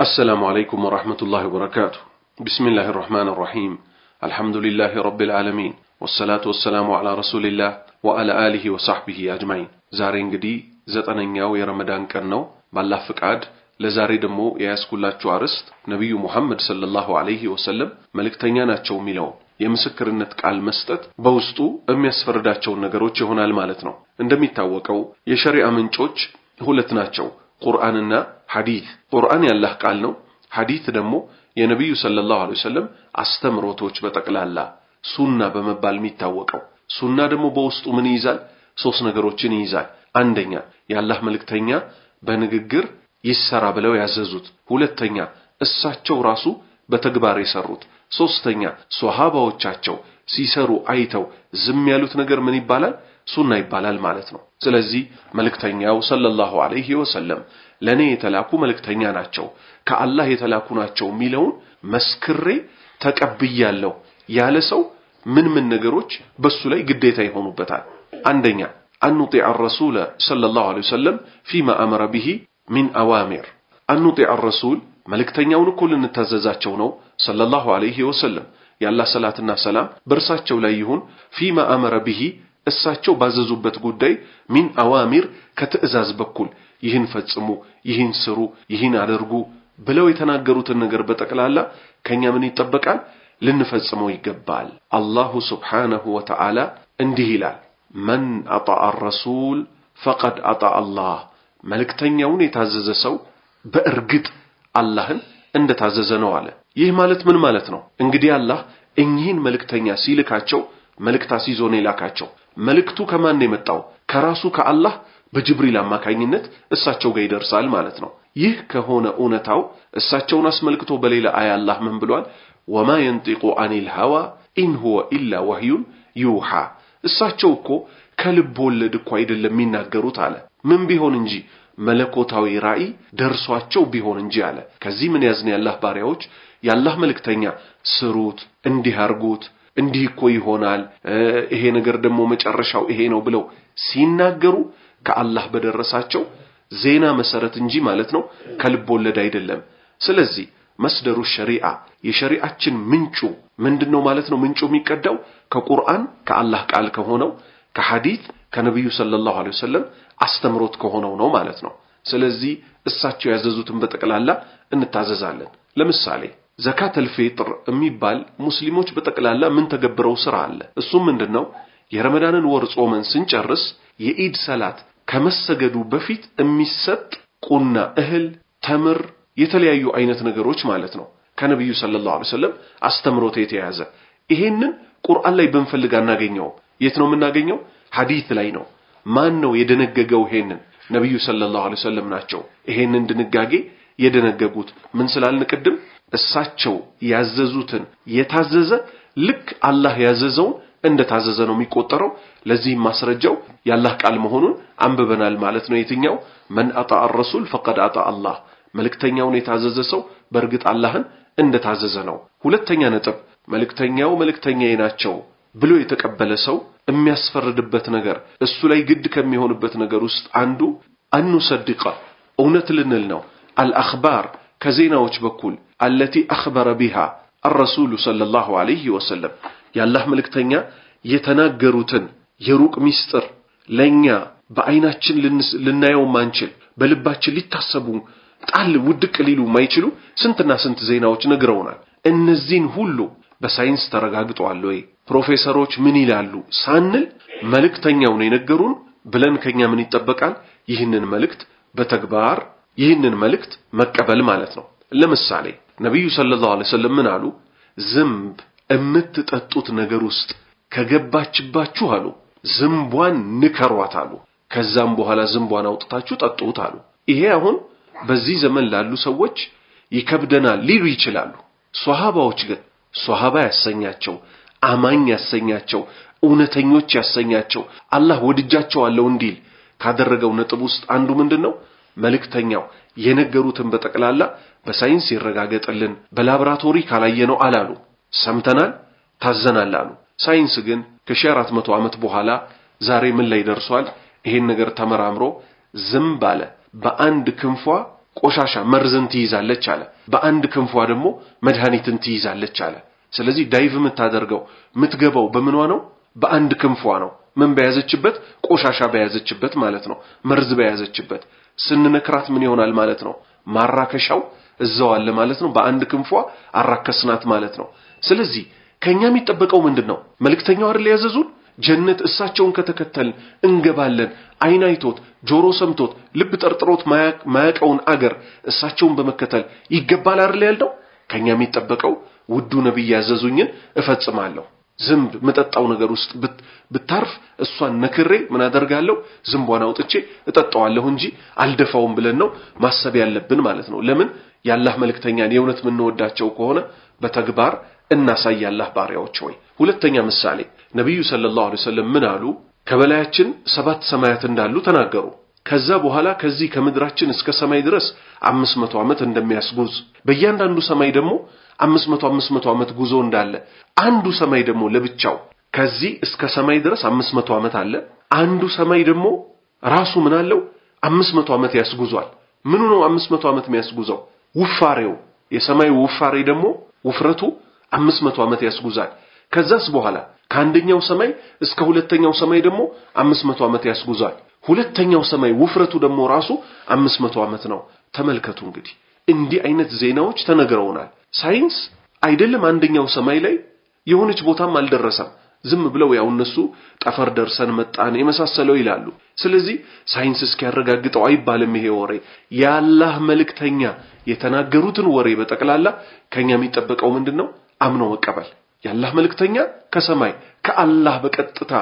السلام عليكم ورحمة الله وبركاته بسم الله الرحمن الرحيم الحمد لله رب العالمين والصلاة والسلام على رسول الله وعلى آله وصحبه أجمعين زارين قدي زتنا نياو يا رمضان كنو بالله فقعد لزاري دمو ياس كل عرست نبي محمد صلى الله عليه وسلم ملك تنيانا تشو ميلو يمسكر النتك على المستد بوستو أم يسفر دا تشو نقروتش هنا المالتنو عندما يتاوكو يشري أمن تشوش هولتنا تشو قرآننا ሐዲት ቁርአን ያላህ ቃል ነው። ሐዲት ደግሞ የነቢዩ ሰለላሁ ዐለይሂ ወሰለም አስተምሮቶች በጠቅላላ ሱና በመባል የሚታወቀው። ሱና ደግሞ በውስጡ ምን ይይዛል? ሶስት ነገሮችን ይይዛል። አንደኛ የአላህ መልእክተኛ በንግግር ይሰራ ብለው ያዘዙት፣ ሁለተኛ እሳቸው ራሱ በተግባር የሰሩት፣ ሶስተኛ ሶሃባዎቻቸው ሲሰሩ አይተው ዝም ያሉት ነገር ምን ይባላል? ሱና ይባላል ማለት ነው። ስለዚህ መልእክተኛው ሰለላሁ ዐለይሂ ወሰለም ለእኔ የተላኩ መልእክተኛ ናቸው፣ ከአላህ የተላኩ ናቸው የሚለውን መስክሬ ተቀብያለሁ ያለ ሰው ምን ምን ነገሮች በሱ ላይ ግዴታ ይሆኑበታል? አንደኛ አንጢዕ ረሱለ ሰለላሁ ዐለይሂ ወሰለም ፊማ አመረ ብሂ ሚን አዋሚር አንጢዕ ረሱል መልእክተኛውን እኮ ልንታዘዛቸው ነው ሰለላሁ ዐለይሂ ወሰለም ያላ ሰላትና ሰላም በእርሳቸው ላይ ይሁን ፊማ አመረ ብሂ እሳቸው ባዘዙበት ጉዳይ ሚን አዋሚር ከትዕዛዝ በኩል ይህን ፈጽሙ፣ ይህን ስሩ፣ ይህን አድርጉ ብለው የተናገሩትን ነገር በጠቅላላ ከኛ ምን ይጠበቃል? ልንፈጽመው ይገባል። አላሁ ስብሓነሁ ወተዓላ እንዲህ ይላል፣ መን አጣአ ረሱል ፈቀድ አጣአ አላህ። መልእክተኛውን የታዘዘ ሰው በእርግጥ አላህን እንደታዘዘ ነው አለ። ይህ ማለት ምን ማለት ነው? እንግዲህ አላህ እኚህን መልእክተኛ ሲልካቸው መልእክት አስይዞ ነው የላካቸው። መልእክቱ ከማን ነው የመጣው? ከራሱ ከአላህ በጅብሪል አማካኝነት እሳቸው ጋር ይደርሳል ማለት ነው። ይህ ከሆነ እውነታው እሳቸውን አስመልክቶ በሌላ አያ አላህ ምን ብሏል? ወማ የንጢቁ አኒል ሀዋ ኢን ሁወ ኢላ ወህዩን ዩሃ። እሳቸው እኮ ከልብ ወለድ እኮ አይደለም የሚናገሩት አለ። ምን ቢሆን እንጂ መለኮታዊ ራእይ ደርሷቸው ቢሆን እንጂ አለ። ከዚህ ምን ያዝን? የአላህ ባሪያዎች የአላህ መልእክተኛ ስሩት፣ እንዲህ አርጉት እንዲህ እኮ ይሆናል፣ ይሄ ነገር ደግሞ መጨረሻው ይሄ ነው ብለው ሲናገሩ ከአላህ በደረሳቸው ዜና መሰረት እንጂ ማለት ነው ከልብ ወለድ አይደለም። ስለዚህ መስደሩ ሸሪዓ የሸሪዓችን ምንጩ ምንድነው ማለት ነው? ምንጩ የሚቀዳው ከቁርአን ከአላህ ቃል ከሆነው ከሐዲት ከነቢዩ ሰለላሁ ዐለይሂ ወሰለም አስተምሮት ከሆነው ነው ማለት ነው። ስለዚህ እሳቸው ያዘዙትን በጠቅላላ እንታዘዛለን። ለምሳሌ ዘካተል ፊጥር የሚባል ሙስሊሞች በጠቅላላ ምን ተገብረው ስራ አለ። እሱም ምንድነው? የረመዳንን ወር ጾመን ስንጨርስ የኢድ ሰላት ከመሰገዱ በፊት የሚሰጥ ቁና፣ እህል፣ ተምር፣ የተለያዩ አይነት ነገሮች ማለት ነው። ከነቢዩ ሰለላሁ ዐለይሂ ወሰለም አስተምሮት የተያዘ ይሄንን ቁርአን ላይ ብንፈልግ አናገኘውም። የት ነው የምናገኘው? ሐዲት ላይ ነው። ማን ነው የደነገገው? ይሄንን ነቢዩ ሰለላሁ ዐለይሂ ወሰለም ናቸው ይሄንን ድንጋጌ የደነገጉት። ምን ስላልን ቅድም እሳቸው ያዘዙትን የታዘዘ ልክ አላህ ያዘዘውን እንደታዘዘ ነው የሚቆጠረው። ለዚህም ማስረጃው የአላህ ቃል መሆኑን አንብበናል ማለት ነው። የትኛው መን አጣ አረሱል ፈቀድ አጣ አላህ፣ መልእክተኛውን የታዘዘ ሰው በእርግጥ አላህን እንደታዘዘ ነው። ሁለተኛ ነጥብ መልእክተኛው መልእክተኛዬ ናቸው ብሎ የተቀበለ ሰው የሚያስፈርድበት ነገር እሱ ላይ ግድ ከሚሆንበት ነገር ውስጥ አንዱ አኑ እውነት ልንል ነው አልአኽባር ከዜናዎች በኩል አለቲ አኽበረ ቢሃ አረሱሉ ሰለላሁ ዐለይሂ ወሰለም የአላህ መልእክተኛ የተናገሩትን የሩቅ ሚስጥር ለእኛ በዐይናችን ልናየው ማንችል በልባችን ሊታሰቡ ጣል ውድቅ ሊሉ ማይችሉ ስንትና ስንት ዜናዎች ነግረውናል። እነዚህን ሁሉ በሳይንስ ተረጋግጠዋል ወይ ፕሮፌሰሮች ምን ይላሉ ሳንል መልእክተኛው ነው የነገሩን ብለን ከኛ ምን ይጠበቃል? ይህንን መልእክት በተግባር ይህንን መልእክት መቀበል ማለት ነው። ለምሳሌ ነቢዩ ሰለላሁ ዐለይሂ ወሰለም ምን አሉ? ዝንብ እምትጠጡት ነገር ውስጥ ከገባችባችሁ አሉ ዝንቧን ንከሯት አሉ። ከዛም በኋላ ዝንቧን አውጥታችሁ ጠጡት አሉ። ይሄ አሁን በዚህ ዘመን ላሉ ሰዎች ይከብደናል ሊሉ ይችላሉ። ሶሃባዎች ግን ሶሃባ ያሰኛቸው አማኝ ያሰኛቸው እውነተኞች ያሰኛቸው አላህ አለው እንዲል ካደረገው ነጥብ ውስጥ አንዱ ምንድን ነው መልእክተኛው የነገሩትን በጠቅላላ በሳይንስ ይረጋገጥልን፣ በላብራቶሪ ካላየነው አላሉ። ሰምተናል፣ ታዘናል አሉ። ሳይንስ ግን ከ አራት መቶ ዓመት በኋላ ዛሬ ምን ላይ ደርሷል? ይሄን ነገር ተመራምሮ ዝም ባለ። በአንድ ክንፏ ቆሻሻ መርዝን ትይዛለች አለ። በአንድ ክንፏ ደግሞ መድኃኒትን ትይዛለች አለ። ስለዚህ ዳይቭ የምታደርገው የምትገባው በምኗ ነው? በአንድ ክንፏ ነው። ምን በያዘችበት? ቆሻሻ በያዘችበት ማለት ነው። መርዝ በያዘችበት ስንነክራት ምን ይሆናል ማለት ነው? ማራከሻው እዛው አለ ማለት ነው። በአንድ ክንፏ አራከስናት ማለት ነው። ስለዚህ ከኛ የሚጠበቀው ምንድን ነው? መልእክተኛው አይደል ያዘዙን ጀነት እሳቸውን ከተከተልን እንገባለን። አይን አይቶት ጆሮ ሰምቶት ልብ ጠርጥሮት ማያቀውን አገር እሳቸውን በመከተል ይገባል አይደል ያልነው። ከኛ የሚጠበቀው ውዱ ነብይ ያዘዙኝን እፈጽማለሁ። ዝንብ ምጠጣው ነገር ውስጥ ብታርፍ እሷን ነክሬ ምን አደርጋለሁ? ዝንቧን አውጥቼ እጠጣዋለሁ እንጂ አልደፋውም ብለን ነው ማሰብ ያለብን ማለት ነው። ለምን የአላህ መልእክተኛን የእውነት የምንወዳቸው ከሆነ በተግባር እናሳይ የአላህ ባሪያዎች ሆይ። ሁለተኛ ምሳሌ ነቢዩ ሰለላሁ ዐለይሂ ወሰለም ምን አሉ? ከበላያችን ሰባት ሰማያት እንዳሉ ተናገሩ። ከዛ በኋላ ከዚህ ከምድራችን እስከ ሰማይ ድረስ አምስት መቶ ዓመት እንደሚያስጉዝ በእያንዳንዱ ሰማይ ደግሞ አምስት መቶ አምስት መቶ ዓመት ጉዞ እንዳለ አንዱ ሰማይ ደግሞ ለብቻው ከዚህ እስከ ሰማይ ድረስ አምስት መቶ ዓመት አለ። አንዱ ሰማይ ደግሞ ራሱ ምን አለው አምስት መቶ ዓመት ያስጉዟል። ምኑ ነው አምስት መቶ ዓመት የሚያስጉዘው? ውፋሬው የሰማዩ ውፋሬ ደግሞ ውፍረቱ አምስት መቶ ዓመት ያስጉዛል። ከዛስ በኋላ ከአንደኛው ሰማይ እስከ ሁለተኛው ሰማይ ደግሞ አምስት መቶ ዓመት ያስጉዟል። ሁለተኛው ሰማይ ውፍረቱ ደግሞ ራሱ አምስት መቶ ዓመት ነው። ተመልከቱ እንግዲህ እንዲህ አይነት ዜናዎች ተነግረውናል። ሳይንስ አይደለም አንደኛው ሰማይ ላይ የሆነች ቦታም አልደረሰም። ዝም ብለው ያው እነሱ ጠፈር ደርሰን መጣን የመሳሰለው ይላሉ። ስለዚህ ሳይንስ እስኪያረጋግጠው አይባልም። ይሄ ወሬ የአላህ መልእክተኛ የተናገሩትን ወሬ በጠቅላላ ከኛ የሚጠበቀው ምንድን ነው? አምኖ መቀበል። የአላህ መልእክተኛ ከሰማይ ከአላህ በቀጥታ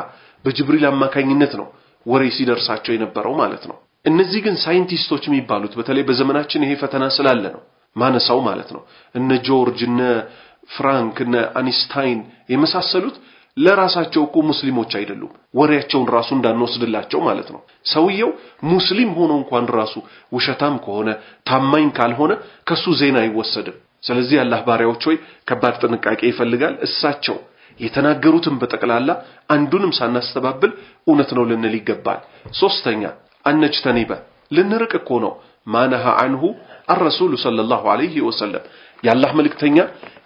በጅብሪል አማካኝነት ነው ወሬ ሲደርሳቸው የነበረው ማለት ነው። እነዚህ ግን ሳይንቲስቶች የሚባሉት በተለይ በዘመናችን ይሄ ፈተና ስላለ ነው። ማነሳው ማለት ነው። እነ ጆርጅ እነ ፍራንክ እነ አንስታይን የመሳሰሉት ለራሳቸው እኮ ሙስሊሞች አይደሉም። ወሬያቸውን ራሱ እንዳንወስድላቸው ማለት ነው። ሰውየው ሙስሊም ሆኖ እንኳን ራሱ ውሸታም ከሆነ ታማኝ ካልሆነ ከሱ ዜና አይወሰድም። ስለዚህ አላህ ባሪያዎች ሆይ ከባድ ጥንቃቄ ይፈልጋል። እሳቸው የተናገሩትን በጠቅላላ አንዱንም ሳናስተባብል እውነት ነው ልንል ይገባል። ሶስተኛ አነጅተኒበ ልንርቅ እኮ ነው ማነሃ አንሁ አረሱሉ ሰለላሁ ዐለይሂ ወሰለም የአላህ መልእክተኛ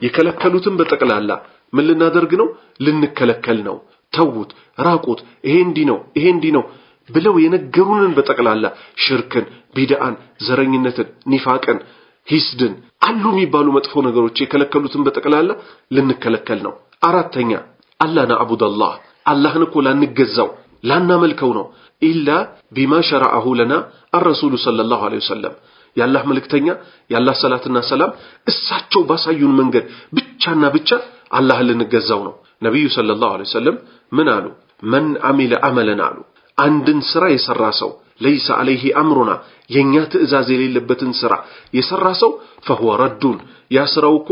የከለከሉትን በጠቅላላ ምን ልናደርግ ነው? ልንከለከል ነው። ተዉት፣ ራቁት፣ ይሄ እንዲህ ነው፣ ይሄ እንዲህ ነው ብለው የነገሩንን በጠቅላላ ሽርክን፣ ቢድአን፣ ዘረኝነትን፣ ኒፋቅን፣ ሂስድን አሉ የሚባሉ መጥፎ ነገሮች የከለከሉትን በጠቅላላ ልንከለከል ነው። አራተኛ አላና ናዕቡደላህ አላህን እኮ ላንገዛው ላናመልከው ነው ኢላ ቢማ ሸረዐሁ ለና አረሱሉ ሰለላሁ ዐለይሂ ወሰለም የአላህ መልእክተኛ የአላህ ሰላትና ሰላም እሳቸው ባሳዩን መንገድ ብቻና ብቻ አላህ ልንገዛው ነው። ነቢዩ ሰለላሁ ዐለይሂ ወሰለም ምን አሉ? መን አሚለ አመለን አሉ አንድን ስራ የሰራ ሰው ለይሰ አለይሂ አምሩና የኛ ትእዛዝ የሌለበትን ስራ የሰራ ሰው ፈሁወ ረዱን ያ ስራው እኮ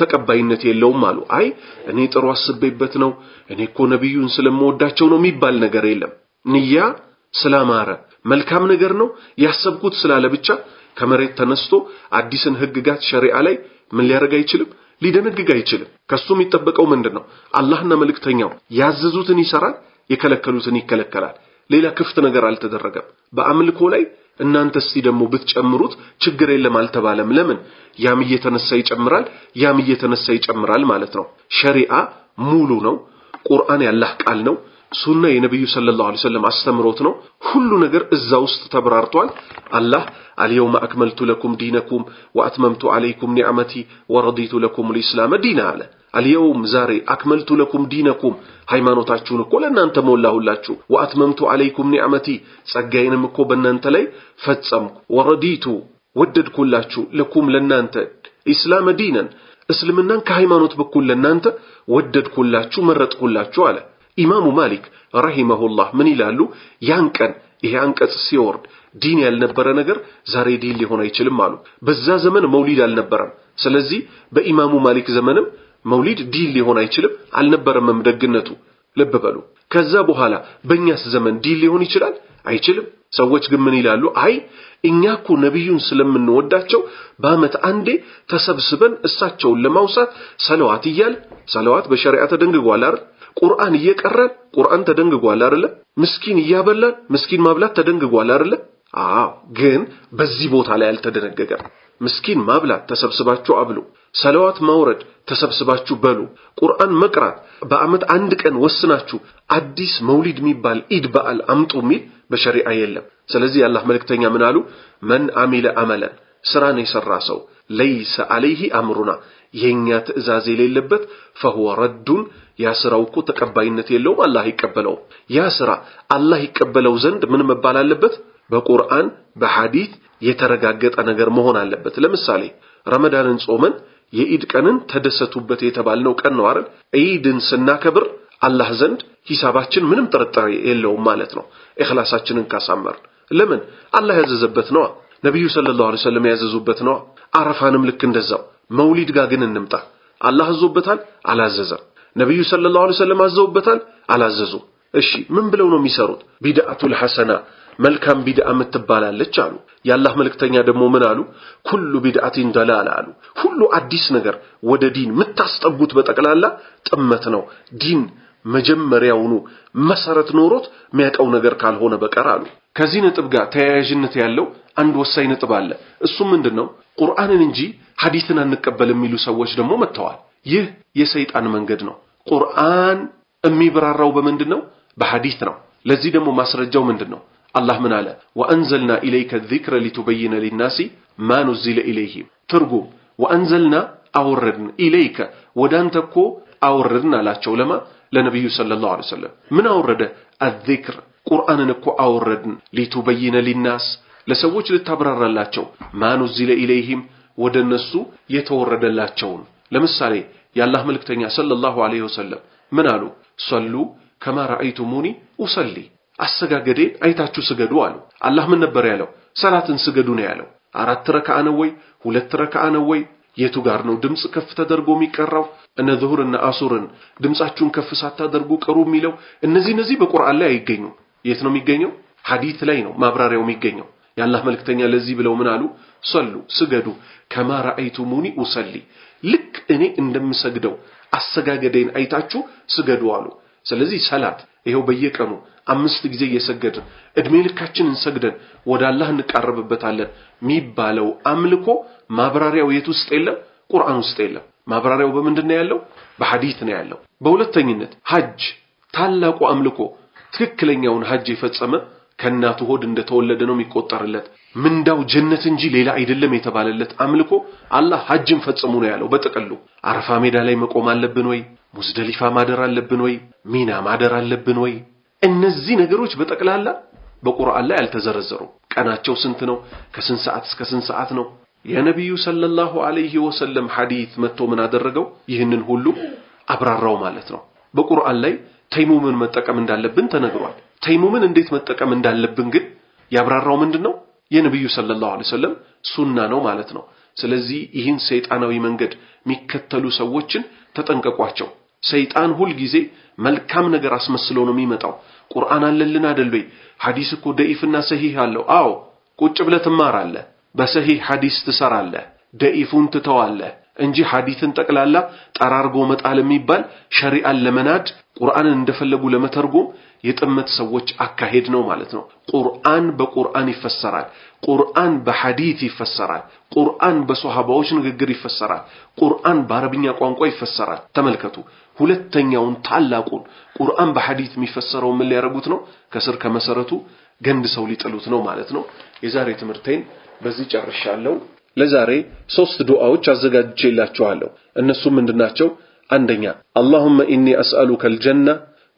ተቀባይነት የለውም አሉ። አይ እኔ ጥሩ አስቤበት ነው እኔ እኮ ነቢዩን ስለምወዳቸው ነው የሚባል ነገር የለም። ንያ ስላማረ መልካም ነገር ነው ያሰብኩት ስላለ ብቻ ከመሬት ተነስቶ አዲስን ህግጋት ሸሪዓ ላይ ምን ሊያደርግ አይችልም፣ ሊደነግግ አይችልም። ከሱ የሚጠበቀው ምንድን ነው? አላህና መልእክተኛው ያዘዙትን ይሰራል፣ የከለከሉትን ይከለከላል። ሌላ ክፍት ነገር አልተደረገም። በአምልኮ ላይ እናንተ እስቲ ደግሞ ብትጨምሩት ችግር የለም አልተባለም። ለምን? ያም እየተነሳ ይጨምራል፣ ያም እየተነሳ ይጨምራል ማለት ነው። ሸሪዓ ሙሉ ነው። ቁርአን ያላህ ቃል ነው። ሱና የነብዩ ሰለላሁ ዐለይሂ ወሰለም አስተምሮት ነው። ሁሉ ነገር እዛ ውስጥ ተብራርቷል። አላህ አልየውመ አክመልቱ ለኩም ዲነኩም ወአትመምቱ ዐለይኩም ኒዕመቲ ወረዲቱ ለኩም ልኢስላመ ዲና አለ። አልየውም ዛሬ አክመልቱ ለኩም ዲነኩም ሃይማኖታችሁን እኮ ለእናንተ ሞላሁላችሁ። ወአትመምቱ ዐለይኩም ኒዕመቲ ጸጋዬንም እኮ በእናንተ ላይ ፈጸምኩ። ወረዲቱ ወደድኩላችሁ ለኩም ለእናንተ ኢስላመ ዲነን እስልምናን ከሃይማኖት በኩል ለእናንተ ወደድኩላችሁ፣ መረጥኩላችሁ አለ። ኢማሙ ማሊክ ረሂመሁላህ ምን ይላሉ? ያን ቀን ይሄ አንቀጽ ሲወርድ ዲን ያልነበረ ነገር ዛሬ ዲን ሊሆን አይችልም አሉ። በዛ ዘመን መውሊድ አልነበረም። ስለዚህ በኢማሙ ማሊክ ዘመንም መውሊድ ዲን ሊሆን አይችልም አልነበረምም። ደግነቱ ልብ በሉ። ከዛ በኋላ በእኛስ ዘመን ዲን ሊሆን ይችላል አይችልም? ሰዎች ግን ምን ይላሉ? አይ እኛ እኮ ነቢዩን ስለምንወዳቸው በዓመት አንዴ ተሰብስበን እሳቸውን ለማውሳት ሰለዋት እያል ሰለዋት በሸሪዓ ተደንግጓል አይደል ቁርአን እየቀራን ቁርአን ተደንግጓል አይደለ? ምስኪን እያበላን ምስኪን ማብላት ተደንግጓል አይደለ? አዎ፣ ግን በዚህ ቦታ ላይ አልተደነገገም። ምስኪን ማብላት ተሰብስባችሁ አብሉ፣ ሰለዋት ማውረድ ተሰብስባችሁ በሉ፣ ቁርአን መቅራት በዓመት አንድ ቀን ወስናችሁ አዲስ መውሊድ የሚባል ኢድ በዓል አምጡ የሚል በሸሪዓ የለም። ስለዚህ የአላህ መልእክተኛ ምን አሉ? መን አሚለ አመለን ስራን የሰራ ሰው ለይሰ አለይሂ አምሩና የኛ ትእዛዝ የሌለበት فهو رد ያ ስራው እኮ ተቀባይነት የለውም፣ አላህ ይቀበለው ያ ስራ አላህ ይቀበለው ዘንድ ምን መባል አለበት? በቁርአን በሐዲት የተረጋገጠ ነገር መሆን አለበት። ለምሳሌ ረመዳንን ጾመን የኢድ ቀንን ተደሰቱበት የተባልነው ቀን ነው አይደል? ኢድን ስናከብር አላህ ዘንድ ሂሳባችን ምንም ጥርጣሬ የለውም ማለት ነው። እኽላሳችንን ካሳመርን ለምን? አላህ ያዘዘበት ነዋ። ነቢዩ ሰለላሁ ዐለይሂ ወሰለም ያዘዙበት ነዋ። አረፋንም ልክ እንደዛው መውሊድ ጋር ግን እንምጣ። አላህ አዞበታል አላዘዘም? ነቢዩ ሰለላሁ ዐለይሂ ወሰለም አዘውበታል አላዘዙ? እሺ ምን ብለው ነው የሚሰሩት? ቢድዓቱል ሐሰና መልካም ቢድዓ የምትባላለች አሉ። የአላህ መልእክተኛ ደግሞ ምን አሉ? ኩሉ ቢድዓቲን ደላላ አሉ። ሁሉ አዲስ ነገር ወደ ዲን የምታስጠጉት በጠቅላላ ጥመት ነው ዲን መጀመሪያውኑ መሰረት ኖሮት የሚያውቀው ነገር ካልሆነ በቀር አሉ። ከዚህ ነጥብ ጋር ተያያዥነት ያለው አንድ ወሳኝ ነጥብ አለ። እሱም ምንድነው? ቁርአንን እንጂ ሐዲስን አንቀበል የሚሉ ሰዎች ደግሞ መጥተዋል። ይህ የሰይጣን መንገድ ነው። ቁርአን የሚብራራው በምንድን ነው? በሐዲስ ነው። ለዚህ ደግሞ ማስረጃው ምንድን ነው? አላህ ምን አለ? ወአንዘልና ኢለይከ ዚክረ ሊቱበይነ ሊናሲ ማ ኑዚለ ኢለይሂም። ትርጉም ወአንዘልና አወረድን፣ ኢለይከ ወዳንተ እኮ አወረድን አላቸው ለማ ለነቢዩ ሰለላሁ ዐለይሂ ወሰለም ምን አወረደ? አዚክር ቁርአንን እኮ አወረድን። ሊቱበይነ ሊናስ ለሰዎች ልታብራራላቸው፣ ማኑዚለ ኢለይሂም ወደ እነሱ የተወረደላቸውን። ለምሳሌ የአላህ መልክተኛ ሰለላሁ ዐለይሂ ወሰለም ምን አሉ? ሰሉ ከማ ረአይቱሙኒ ኡሰሊ አሰጋገዴን አይታችሁ ስገዱ አሉ። አላህ ምን ነበር ያለው? ሰላትን ስገዱ ነው ያለው። አራት ረከዓ ነው ወይ ሁለት ረከዓ ነው ወይ? የቱ ጋር ነው ድምፅ ከፍ ተደርጎ የሚቀራው? እነ ዝሁርና አሱርን ድምፃችሁን ከፍ ሳታደርጉ ቅሩ የሚለው እነዚህ እነዚህ በቁርአን ላይ አይገኙም። የት ነው የሚገኘው? ሐዲት ላይ ነው ማብራሪያው የሚገኘው። የአላህ መልክተኛ ለዚህ ብለው ምን አሉ? ሰሉ ስገዱ፣ ከማ ረአይቱሙኒ ኡሰሊ ልክ እኔ እንደምሰግደው አሰጋገደን አይታችሁ ስገዱ አሉ። ስለዚህ ሰላት ይኸው በየቀኑ አምስት ጊዜ እየሰገድን እድሜ ልካችን እንሰግደን ወደ አላህ እንቃረብበታለን የሚባለው አምልኮ ማብራሪያው የት ውስጥ የለም? ቁርአን ውስጥ የለም። ማብራሪያው በምንድን ነው ያለው? በሐዲስ ነው ያለው። በሁለተኝነት ሐጅ ታላቁ አምልኮ ትክክለኛውን ሐጅ የፈጸመ ከእናቱ ሆድ እንደተወለደ ነው የሚቆጠርለት። ምንዳው ጀነት እንጂ ሌላ አይደለም የተባለለት አምልኮ አላህ ሐጅን ፈጽሙ ነው ያለው። በጥቅሉ አረፋ ሜዳ ላይ መቆም አለብን ወይ? ሙዝደሊፋ ማደር አለብን ወይ? ሚና ማደር አለብን ወይ? እነዚህ ነገሮች በጠቅላላ በቁርአን ላይ አልተዘረዘሩም። ቀናቸው ስንት ነው? ከስንት ሰዓት እስከ ስንት ሰዓት ነው? የነቢዩ ሰለላሁ ዐለይሂ ወሰለም ሐዲት መጥቶ ምን አደረገው? ይህንን ሁሉ አብራራው ማለት ነው። በቁርአን ላይ ተይሙምን መጠቀም እንዳለብን ተነግሯል። ተይሙምን እንዴት መጠቀም እንዳለብን ግን ያብራራው ምንድን ነው? የነቢዩ ሰለላሁ ዐለይሂ ወሰለም ሱና ነው ማለት ነው። ስለዚህ ይህን ሰይጣናዊ መንገድ የሚከተሉ ሰዎችን ተጠንቀቋቸው። ሰይጣን ሁልጊዜ መልካም ነገር አስመስሎ ነው የሚመጣው። ቁርአን አለልን አይደል ወይ? ሐዲስ እኮ ደኢፍና ሰሂህ አለው። አዎ ቁጭ ብለህ ትማራለህ በሰሂህ ሐዲስ ትሰራለህ፣ ደኢፉን ትተዋለህ እንጂ ሐዲትን ጠቅላላ ጠራርጎ መጣል የሚባል ሸሪዓን ለመናድ ቁርአንን እንደፈለጉ ለመተርጎም የጥመት ሰዎች አካሄድ ነው ማለት ነው። ቁርአን በቁርአን ይፈሰራል። ቁርአን በሐዲት ይፈሰራል። ቁርአን በሶሃባዎች ንግግር ይፈሰራል። ቁርአን በአረብኛ ቋንቋ ይፈሰራል። ተመልከቱ፣ ሁለተኛውን ታላቁን ቁርአን በሐዲት የሚፈሰረው ምን ሊያደርጉት ነው? ከስር ከመሰረቱ ገንድ ሰው ሊጥሉት ነው ማለት ነው። የዛሬ ትምህርቴን በዚህ ጨርሻለሁ። ለዛሬ ሶስት ዱዓዎች አዘጋጅቼላችኋለሁ። እነሱም ምንድናቸው? አንደኛ አላሁመ ኢኒ አስአሉከ አልጀና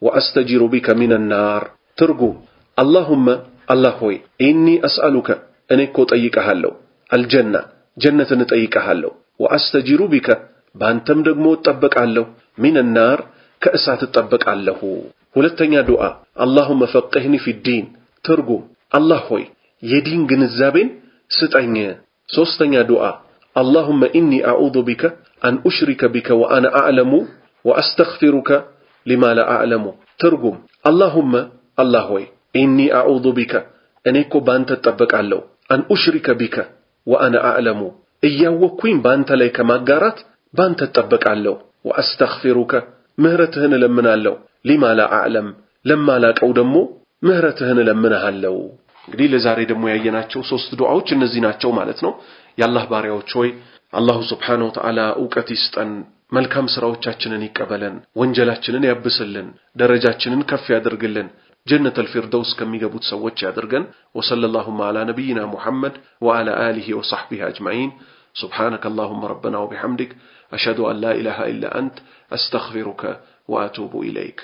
ወአስተጂሩ ቢከ ሚነናር። ትርጉም አላሁመ አላህ ሆይ ኢኒ አስአሉከ እኔ እኮ ጠይቀሃለሁ፣ አልጀና ጀነትን እጠይቀሃለሁ፣ ወአስተጂሩ ቢከ በአንተም ደግሞ እጠበቃለሁ፣ ሚነናር ከእሳት እጠበቃለሁ። ሁለተኛ ዱዓ አላሁመ ፈቅህኒ ፊዲን። ትርጉም አላህ ሆይ የዲን ግንዛቤን ስጠኝ። ሶስተኛ ዱዓ አላሁመ ኢኒ አዑዙ ቢከ አን ኡሽሪከ ቢከ ወአነ አዕለሙ ወአስተግፊሩከ ሊማ ላ አዕለሙ። ትርጉም አላሁመ አላህ ሆይ ኢኒ አዑዙ ቢከ እኔ እኮ ባንተ እጠበቃለሁ አን ኡሽሪከ ቢከ ወአነ አዕለሙ እያወኩኝ ባንተ ላይ ከማጋራት ባንተ እጠበቃለሁ ወአስተግፊሩከ ምህረትህን እለምናለሁ ሊማ ላ አዕለም ለማላቀው ደግሞ ምህረትህን እለምንሃለሁ። እንግዲህ ለዛሬ ደግሞ ያየናቸው ሶስት ዱዓዎች እነዚህ ናቸው ማለት ነው። የአላህ ባሪያዎች ሆይ አላሁ ስብሓነሁ ወተዓላ እውቀት ይስጠን፣ መልካም ስራዎቻችንን ይቀበለን፣ ወንጀላችንን ያብስልን፣ ደረጃችንን ከፍ ያደርግልን፣ ጀነተል ፊርደውስ ከሚገቡት ሰዎች ያድርገን ወሰለላሁማ አላ ነቢይና ሙሐመድ ወአላ አሊሂ ወሰሕቢሂ አጅማዒን። ሱብሓነከ አላሁመ ረበና ወቢሐምዲክ አሽሀዱ አን ላ ኢላሃ ኢላ አንት አስተግፊሩከ ወአቱቡ ኢለይክ።